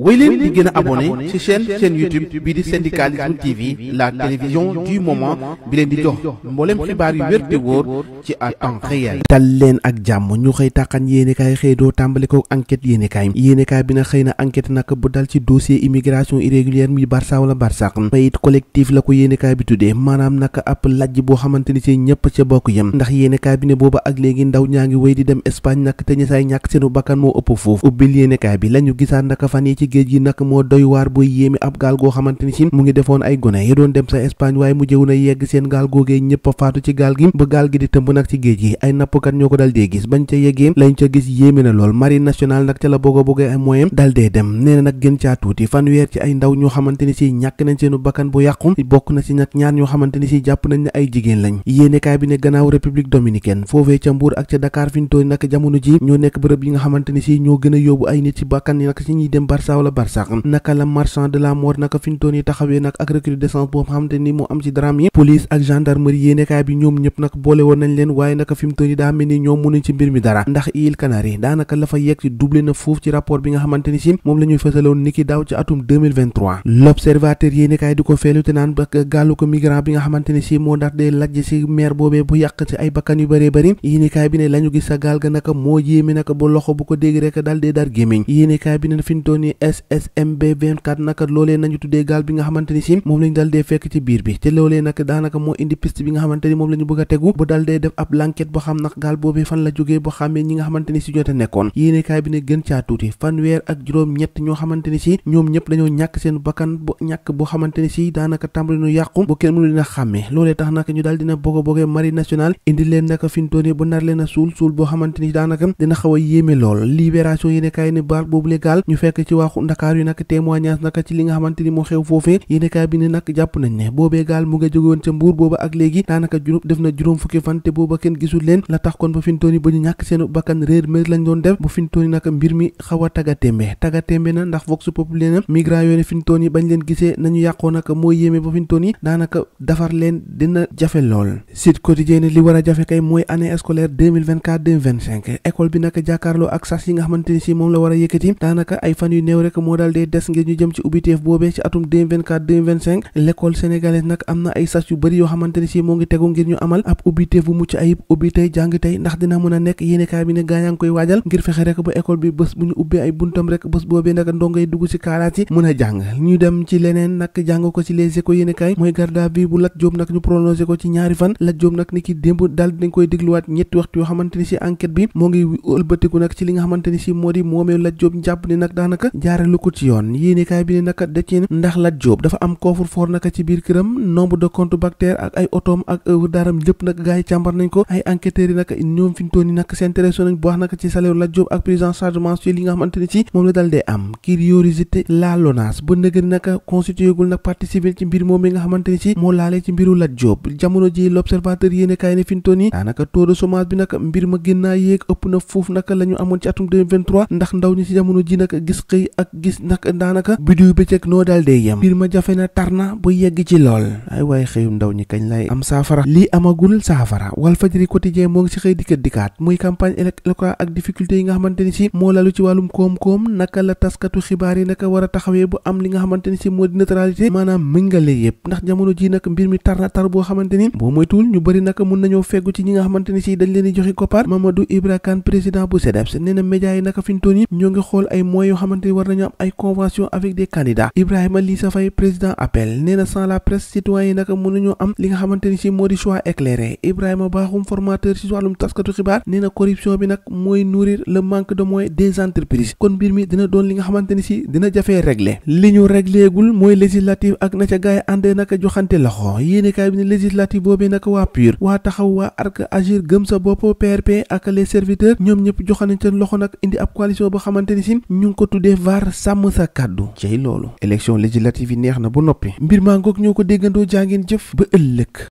wéy leen di gën a abonné ci chaîne chaîne YouTube bi di syndicalisme TV la télévision du moment bi leen di jox dal leen ak jàmm ñu xëy tàqan yéenekaay xëy doo tàmbale ko enquête yéenekaay yéenekaay bi na xëy na enquête nag bu dal ci dossier immigration irrégulière muy Barça wala Barsaq mayit collectif la ko yéenekaay bi tuddee maanaam nag ab lajj boo xamante ni ci ñëpp ca bokk yem ndax yéenekaay bi ne booba ak léegi ndaw ñaa ngi wéy di dem Espagne nag te ñi saay ñàkk seenu bakkan moo ëpp foofu ubbil yéenekaay bi lañu gisaan géej gi nag moo doy waar booy yéemi ab gaal goo xamante ni mu ngi defoon ay gone yi doon dem sa Espagne waaye mu jëw na yegg seen gaal googee ñëpp a faatu ci gaal gi ba gaal gi di tëmb nag ci géej gi ay nappkat ñoo ko dal gis bañ ca yeggee lañ ca gis yéemi na lool marine nationale nag ca la bogo bogo ay moyen dal dem nee na nag gën tuuti fanweer ci ay ndaw ñoo xamante si ñàkk nañ seenu bakkan bu yàqu bokk na si nag ñaar ñoo xamante a kaw la barsax naka la marchand de la mort naka fi ñu doon yi taxawee nag ak recrudescence boo ni moo am ci drame yi police ak gendarmerie yi daaw ci atum l'observateur yéenekaay bi ne lañu gis sa gaal ga naka moo yéeme naka ba loxo bu ko dégg rek dal dee dar gémmiñ yéenekaay bi ne fi SSMB 24 naka loolee nañu tuddee gaal bi nga xamante ni si moom lañu dal dee fekk ci biir bi te loolee nag daanaka moo indi piste bi nga xamante ni moom la a tegu ba dal dee def ab l'enquête boo xam nag gaal boobee fan la jógee boo xamee ñi si jote nekkoon yéenekaay bi ne gën caa tuuti fanweer ak juróom ñett ñoo xamante ni si ñoom ñëpp dañoo ñàkk seen bakkan bu ñàkk boo xamante ni si daanaka tàmbali nu yàqu bu kenn mënu dina xàmmee loolee tax nag ñu daal dina bogo boge marine nationale indi leen naka fintoone ba nar leen a suul suul boo xamante ni daanaka dina xaw yéeme lool libération yéenekaay ne baal boobu le gaal ñu fekk ci waa waaxu ndax vox populi na fintoon yi bañ leen gisee nañu yàqoo nag moo yéeme ba fintoon yi daanaka defar leen dina jafe lool Sud Quotidien li war a jafe kay mooy année scolaire 2024 bi nag jàkkaarloo ak sas yi nga xamante si moom la war a yëkkati daanaka ay fan yu néew néew rek moo daal dee des ngir ñu jëm ci ubbiteef boobee ci atum 2024 2025 l'école sénégalaise nag am na ay sas yu bëri yoo xamante ne si ngir ñu amal ab ubbiteef bu mucc ayib ubbi tey jàng tey ndax dina mën a nekk yéenekaay bi ne gaañaa ngi koy waajal ngir fexe rek ba école bi bés bu ñu ubbee ay buntam rek bés boobee nag ndongoy dugg si kaaraas yi mën a jàng ñu dem ci leneen nag jàng ko ci les écoles yéenekaay mooy garde à bu Lat nag ñu prononcé jaarale ko ci yoon naka da ci ndax Lat Diop dafa naka partie civile ci mbir moom mi nga xamante ci moo laalee ci mbiru Lat Diop jamono ji l'observateur yéenekaay ne fi yi daanaka taux de bi naka mbir ma gën yéeg ëpp na foofu naka la amoon ci atum ndax ndaw ñi ci jamono ji naka gis xëy ak gis nag daanaka biddiw bëccëg noo dal yem mbir ma jafe na tar na bu yegg ci lool ay waaye xëyum ndaw ñi kañ lay am saafara lii amagul saafara wal fajri quotidien moo ngi si xëy dikkat dikkaat muy campagne électorale ak difficulté yi nga xamante ni moo lalu ci wàllum koom-koom naka la taskatu xibaar yi naka war a taxawee bu am li nga xamante ni si moo di neutralité maanaam mëngale yëpp ndax jamono ji nag mbir mi tar na tar boo xamante nañu am ay convention avec des candidats Ibrahima Lissa Faye président appel nee sans la presse citoyen yi naka mënuñoo am li nga xamante ni si moo di choix éclairé Ibrahima Bakhoum formateur si wàllum taskatu xibaar nee corruption bi nag mooy nourrir le manque de des entreprises kon mbir mi dina doon li nga xamante ni dina jafee régler li ñu régleegul mooy législative ak na ca gaay yi naka joxante loxo yéenekaay bi ne législative boobee aar sàmm sa kàddu cey loolu élection législative yi neex na ba noppi mbir maa ngoog ñoo ko déggandoo jaa ngeen jëf ba ëllëg